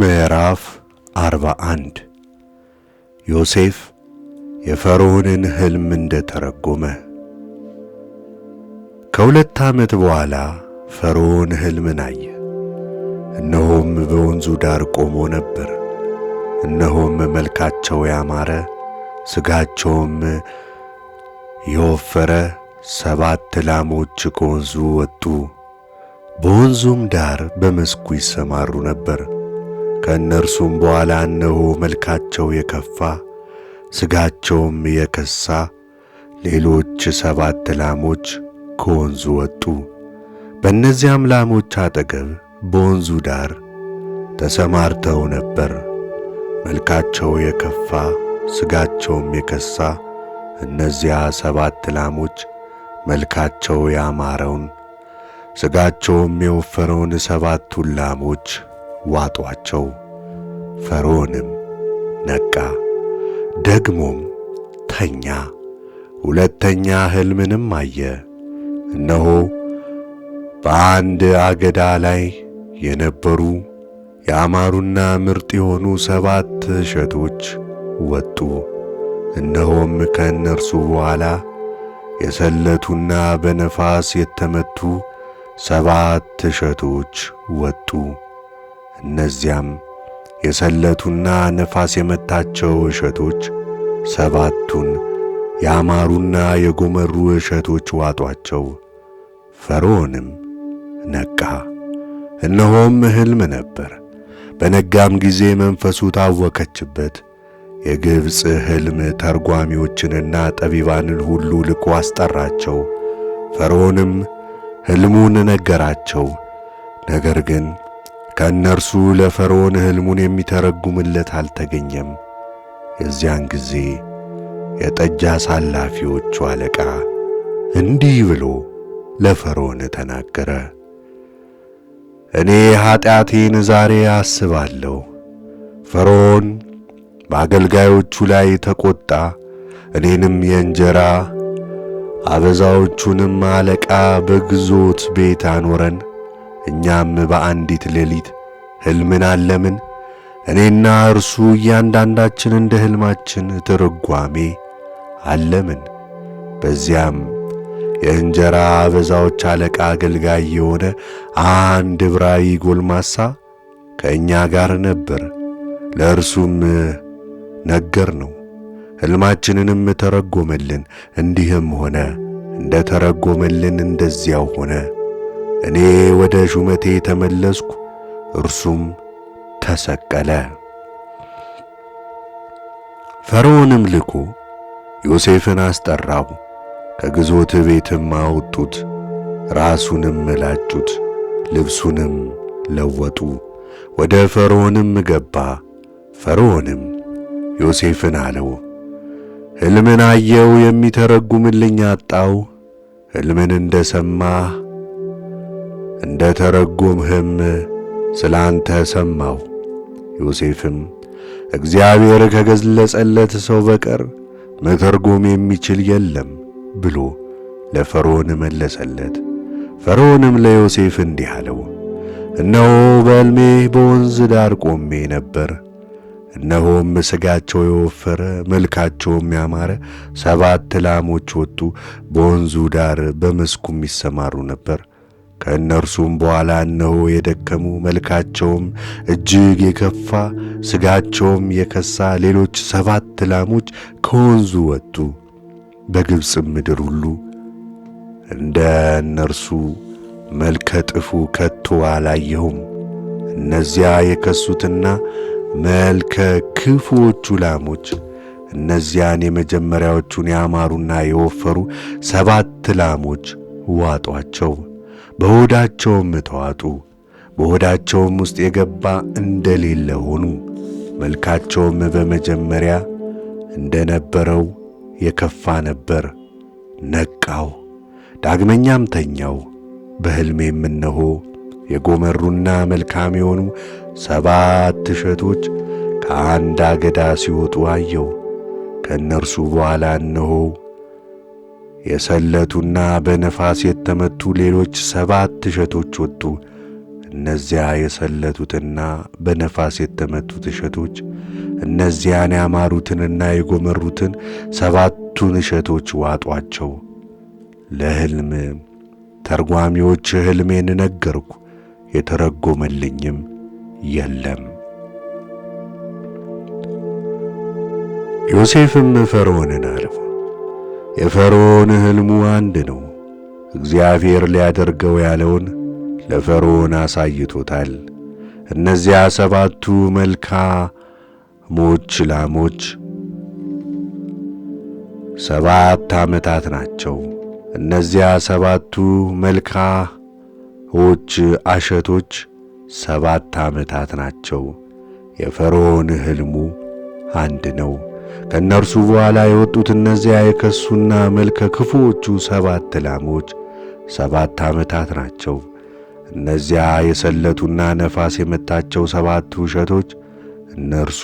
ምዕራፍ 41 ዮሴፍ የፈርዖንን ሕልም እንደ ተረጎመ። ከሁለት ዓመት በኋላ ፈርዖን ሕልምን አየ። እነሆም በወንዙ ዳር ቆሞ ነበር። እነሆም መልካቸው ያማረ ሥጋቸውም የወፈረ ሰባት ላሞች ከወንዙ ወጡ፣ በወንዙም ዳር በመስኩ ይሰማሩ ነበር። ከእነርሱም በኋላ እነሆ መልካቸው የከፋ ሥጋቸውም የከሳ ሌሎች ሰባት ላሞች ከወንዙ ወጡ። በእነዚያም ላሞች አጠገብ በወንዙ ዳር ተሰማርተው ነበር። መልካቸው የከፋ ሥጋቸውም የከሳ እነዚያ ሰባት ላሞች መልካቸው ያማረውን ሥጋቸውም የወፈረውን ሰባቱን ላሞች ዋጧቸው። ፈርዖንም ነቃ፣ ደግሞም ተኛ። ሁለተኛ ሕልምንም አየ። እነሆ በአንድ አገዳ ላይ የነበሩ ያማሩና ምርጥ የሆኑ ሰባት እሸቶች ወጡ። እነሆም ከእነርሱ በኋላ የሰለቱና በነፋስ የተመቱ ሰባት እሸቶች ወጡ። እነዚያም የሰለቱና ነፋስ የመታቸው እሸቶች ሰባቱን ያማሩና የጎመሩ እሸቶች ዋጧቸው። ፈርዖንም ነቃ፣ እነሆም ሕልም ነበር። በነጋም ጊዜ መንፈሱ ታወከችበት። የግብፅ ሕልም ተርጓሚዎችንና ጠቢባንን ሁሉ ልኮ አስጠራቸው። ፈርዖንም ሕልሙን ነገራቸው። ነገር ግን ከእነርሱ ለፈርዖን ሕልሙን የሚተረጉምለት አልተገኘም። የዚያን ጊዜ የጠጅ አሳላፊዎቹ አለቃ እንዲህ ብሎ ለፈርዖን ተናገረ። እኔ ኀጢአቴን ዛሬ አስባለሁ። ፈርዖን በአገልጋዮቹ ላይ ተቈጣ፣ እኔንም የእንጀራ አበዛዎቹንም አለቃ በግዞት ቤት አኖረን። እኛም በአንዲት ሌሊት ሕልምን አለምን እኔና እርሱ እያንዳንዳችን እንደ ሕልማችን ትርጓሜ አለምን። በዚያም የእንጀራ አበዛዎች አለቃ አገልጋይ የሆነ አንድ ዕብራዊ ጎልማሳ ከእኛ ጋር ነበር። ለእርሱም ነገር ነው። ሕልማችንንም ተረጎመልን። እንዲህም ሆነ እንደ ተረጎመልን እንደዚያው ሆነ። እኔ ወደ ሹመቴ ተመለስኩ፣ እርሱም ተሰቀለ። ፈርዖንም ልኮ ዮሴፍን አስጠራው፣ ከግዞት ቤትም አወጡት፣ ራሱንም እላጩት ልብሱንም ለወጡ። ወደ ፈርዖንም ገባ። ፈርዖንም ዮሴፍን አለው፣ ሕልምን አየው፣ የሚተረጉምልኝ አጣው። ሕልምን እንደ ሰማህ እንደ ተረጎምህም ስለ አንተ ሰማሁ። ዮሴፍም እግዚአብሔር ከገለጸለት ሰው በቀር መተርጎም የሚችል የለም ብሎ ለፈርዖን መለሰለት። ፈርዖንም ለዮሴፍ እንዲህ አለው፣ እነሆ በሕልሜ በወንዝ ዳር ቆሜ ነበር። እነሆም ሥጋቸው የወፈረ መልካቸውም ያማረ ሰባት ላሞች ወጡ፣ በወንዙ ዳር በመስኩም ይሰማሩ ነበር። ከእነርሱም በኋላ እነሆ የደከሙ መልካቸውም እጅግ የከፋ ሥጋቸውም የከሳ ሌሎች ሰባት ላሞች ከወንዙ ወጡ። በግብፅም ምድር ሁሉ እንደ እነርሱ መልከ ጥፉ ከቶ አላየሁም። እነዚያ የከሱትና መልከ ክፉዎቹ ላሞች እነዚያን የመጀመሪያዎቹን ያማሩና የወፈሩ ሰባት ላሞች ዋጧቸው። በሆዳቸውም ተዋጡ፣ በሆዳቸውም ውስጥ የገባ እንደሌለ ሆኑ። መልካቸውም በመጀመሪያ እንደነበረው የከፋ ነበር። ነቃው፣ ዳግመኛም ተኛው። በሕልሜም እነሆ የጎመሩና መልካም የሆኑ ሰባት እሸቶች ከአንድ አገዳ ሲወጡ አየው። ከእነርሱ በኋላ እነሆ የሰለቱና በነፋስ የተመቱ ሌሎች ሰባት እሸቶች ወጡ። እነዚያ የሰለቱትና በነፋስ የተመቱት እሸቶች እነዚያን ያማሩትንና የጎመሩትን ሰባቱን እሸቶች ዋጧቸው። ለሕልም ተርጓሚዎች ሕልሜን ነገርኩ፣ የተረጎመልኝም የለም። ዮሴፍም ፈርዖንን አለው የፈርዖን ሕልሙ አንድ ነው። እግዚአብሔር ሊያደርገው ያለውን ለፈርዖን አሳይቶታል። እነዚያ ሰባቱ መልካሞች ላሞች ሰባት ዓመታት ናቸው። እነዚያ ሰባቱ መልካሞች አሸቶች ሰባት ዓመታት ናቸው። የፈርዖን ሕልሙ አንድ ነው። ከእነርሱ በኋላ የወጡት እነዚያ የከሱና መልከ ክፉዎቹ ሰባት ላሞች ሰባት ዓመታት ናቸው። እነዚያ የሰለቱና ነፋስ የመታቸው ሰባቱ ውሸቶች እነርሱ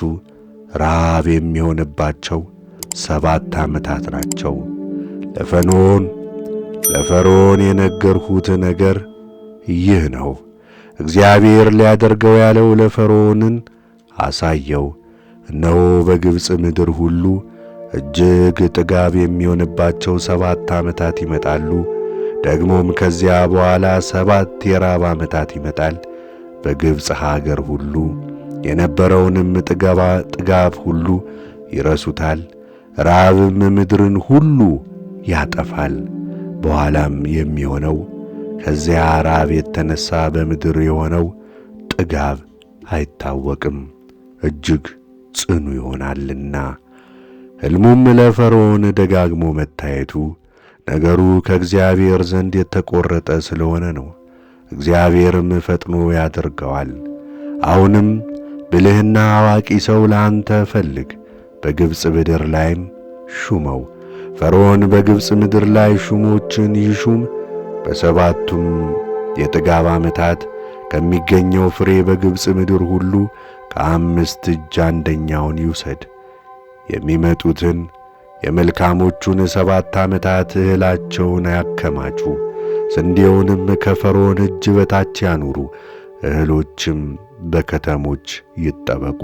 ራብ የሚሆንባቸው ሰባት ዓመታት ናቸው። ለፈኖን ለፈርዖን የነገርሁት ነገር ይህ ነው። እግዚአብሔር ሊያደርገው ያለው ለፈርዖንን አሳየው። እነሆ በግብፅ ምድር ሁሉ እጅግ ጥጋብ የሚሆንባቸው ሰባት ዓመታት ይመጣሉ። ደግሞም ከዚያ በኋላ ሰባት የራብ ዓመታት ይመጣል። በግብፅ ሀገር ሁሉ የነበረውንም ጥገባ ጥጋብ ሁሉ ይረሱታል። ራብም ምድርን ሁሉ ያጠፋል። በኋላም የሚሆነው ከዚያ ራብ የተነሳ በምድር የሆነው ጥጋብ አይታወቅም እጅግ ጽኑ ይሆናልና። ሕልሙም ለፈርዖን ደጋግሞ መታየቱ ነገሩ ከእግዚአብሔር ዘንድ የተቆረጠ ስለሆነ ነው። እግዚአብሔርም ፈጥኖ ያደርገዋል። አሁንም ብልህና አዋቂ ሰው ለአንተ ፈልግ፣ በግብፅ ምድር ላይም ሹመው። ፈርዖን በግብፅ ምድር ላይ ሹሞችን ይሹም። በሰባቱም የጥጋብ ዓመታት ከሚገኘው ፍሬ በግብፅ ምድር ሁሉ ከአምስት እጅ አንደኛውን ይውሰድ። የሚመጡትን የመልካሞቹን ሰባት ዓመታት እህላቸውን አያከማቹ፣ ስንዴውንም ከፈርዖን እጅ በታች ያኑሩ። እህሎችም በከተሞች ይጠበቁ።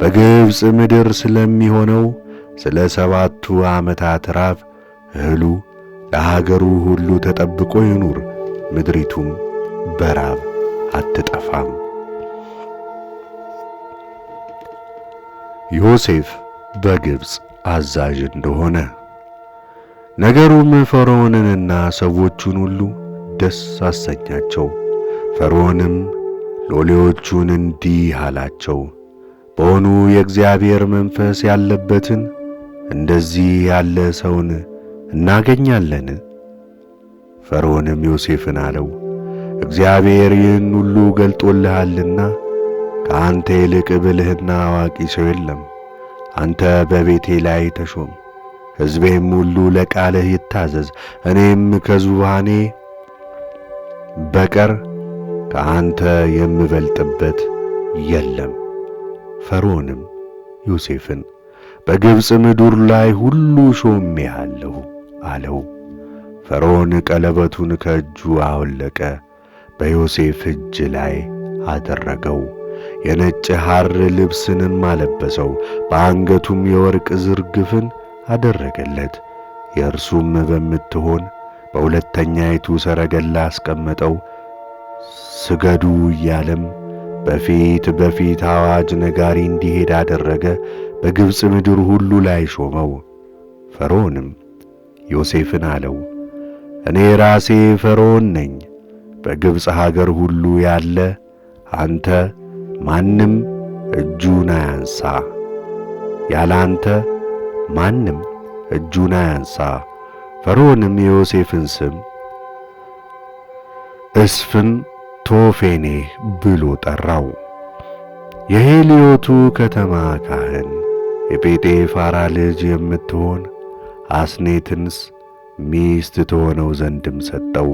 በግብፅ ምድር ስለሚሆነው ስለ ሰባቱ ዓመታት ራብ እህሉ ለሀገሩ ሁሉ ተጠብቆ ይኑር። ምድሪቱም በራብ አትጠፋም። ዮሴፍ በግብፅ አዛዥ እንደሆነ። ነገሩም ፈርዖንንና ሰዎቹን ሁሉ ደስ አሰኛቸው። ፈርዖንም ሎሌዎቹን እንዲህ አላቸው፣ የእግዚአብሔር መንፈስ ያለበትን እንደዚህ ያለ ሰውን እናገኛለን? ፈርዖንም ዮሴፍን አለው፣ እግዚአብሔር ይህን ሁሉ ገልጦልሃልና ከአንተ ይልቅ ብልህና አዋቂ ሰው የለም። አንተ በቤቴ ላይ ተሾም፣ ሕዝቤም ሁሉ ለቃልህ ይታዘዝ። እኔም ከዙባኔ በቀር ከአንተ የምበልጥበት የለም። ፈርዖንም ዮሴፍን በግብፅ ምድር ላይ ሁሉ ሾሜሃለሁ አለው። ፈርዖን ቀለበቱን ከእጁ አወለቀ፣ በዮሴፍ እጅ ላይ አደረገው። የነጭ ሐር ልብስንም አለበሰው፣ በአንገቱም የወርቅ ዝርግፍን አደረገለት። የእርሱም በምትሆን በሁለተኛይቱ ሰረገላ አስቀመጠው። ስገዱ እያለም በፊት በፊት አዋጅ ነጋሪ እንዲሄድ አደረገ። በግብፅ ምድር ሁሉ ላይ ሾመው። ፈርዖንም ዮሴፍን አለው፣ እኔ ራሴ ፈርዖን ነኝ፣ በግብፅ ሀገር ሁሉ ያለ አንተ ማንም እጁን አያንሳ። ያለ አንተ ማንም እጁን አያንሳ። ፈርዖንም የዮሴፍን ስም እስፍን ቶፌኔ ብሎ ጠራው። የሄሊዮቱ ከተማ ካህን የጴጤ ፋራ ልጅ የምትሆን አስኔትንስ ሚስት ትሆነው ዘንድም ሰጠው።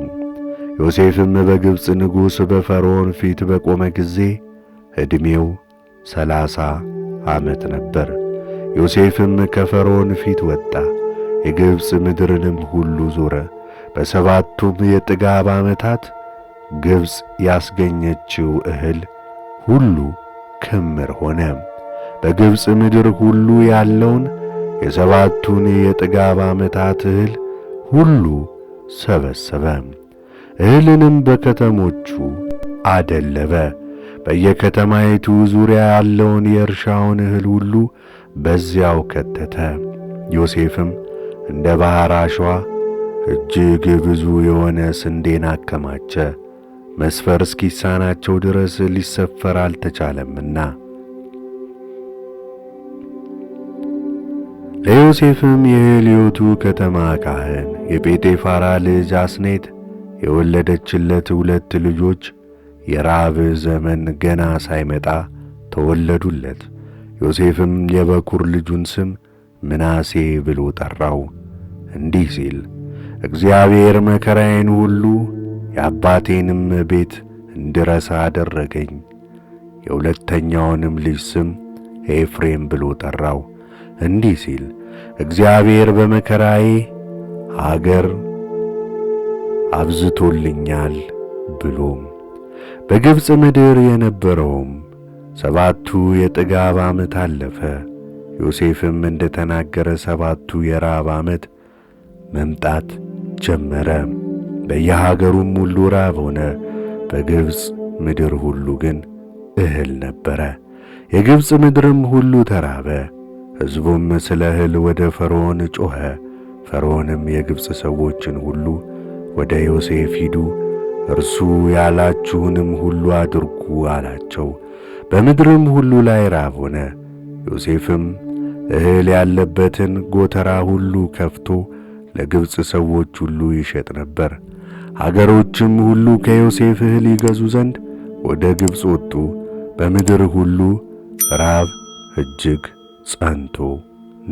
ዮሴፍም በግብፅ ንጉሥ በፈርዖን ፊት በቆመ ጊዜ ዕድሜው ሰላሳ ዓመት ነበር። ዮሴፍም ከፈርዖን ፊት ወጣ፣ የግብፅ ምድርንም ሁሉ ዞረ። በሰባቱም የጥጋብ ዓመታት ግብፅ ያስገኘችው እህል ሁሉ ክምር ሆነ። በግብፅ ምድር ሁሉ ያለውን የሰባቱን የጥጋብ ዓመታት እህል ሁሉ ሰበሰበ። እህልንም በከተሞቹ አደለበ። በየከተማይቱ ዙሪያ ያለውን የእርሻውን እህል ሁሉ በዚያው ከተተ። ዮሴፍም እንደ ባሕር አሸዋ እጅግ ብዙ የሆነ ስንዴን አከማቸ፣ መስፈር እስኪሳናቸው ድረስ ሊሰፈር አልተቻለምና። ለዮሴፍም የሄልዮቱ ከተማ ካህን የጴጤፋራ ልጅ አስኔት የወለደችለት ሁለት ልጆች የራብ ዘመን ገና ሳይመጣ ተወለዱለት። ዮሴፍም የበኩር ልጁን ስም ምናሴ ብሎ ጠራው፣ እንዲህ ሲል እግዚአብሔር መከራዬን ሁሉ የአባቴንም ቤት እንድረሳ አደረገኝ። የሁለተኛውንም ልጅ ስም ኤፍሬም ብሎ ጠራው፣ እንዲህ ሲል እግዚአብሔር በመከራዬ አገር አብዝቶልኛል ብሎም በግብፅ ምድር የነበረውም ሰባቱ የጥጋብ ዓመት አለፈ። ዮሴፍም እንደ ተናገረ ሰባቱ የራብ ዓመት መምጣት ጀመረ። በየሀገሩም ሁሉ ራብ ሆነ። በግብፅ ምድር ሁሉ ግን እህል ነበረ። የግብፅ ምድርም ሁሉ ተራበ። ሕዝቡም ስለ እህል ወደ ፈርዖን ጮኸ። ፈርዖንም የግብፅ ሰዎችን ሁሉ ወደ ዮሴፍ ሂዱ እርሱ ያላችሁንም ሁሉ አድርጉ አላቸው። በምድርም ሁሉ ላይ ራብ ሆነ። ዮሴፍም እህል ያለበትን ጎተራ ሁሉ ከፍቶ ለግብፅ ሰዎች ሁሉ ይሸጥ ነበር። አገሮችም ሁሉ ከዮሴፍ እህል ይገዙ ዘንድ ወደ ግብፅ ወጡ። በምድር ሁሉ ራብ እጅግ ጸንቶ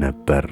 ነበር።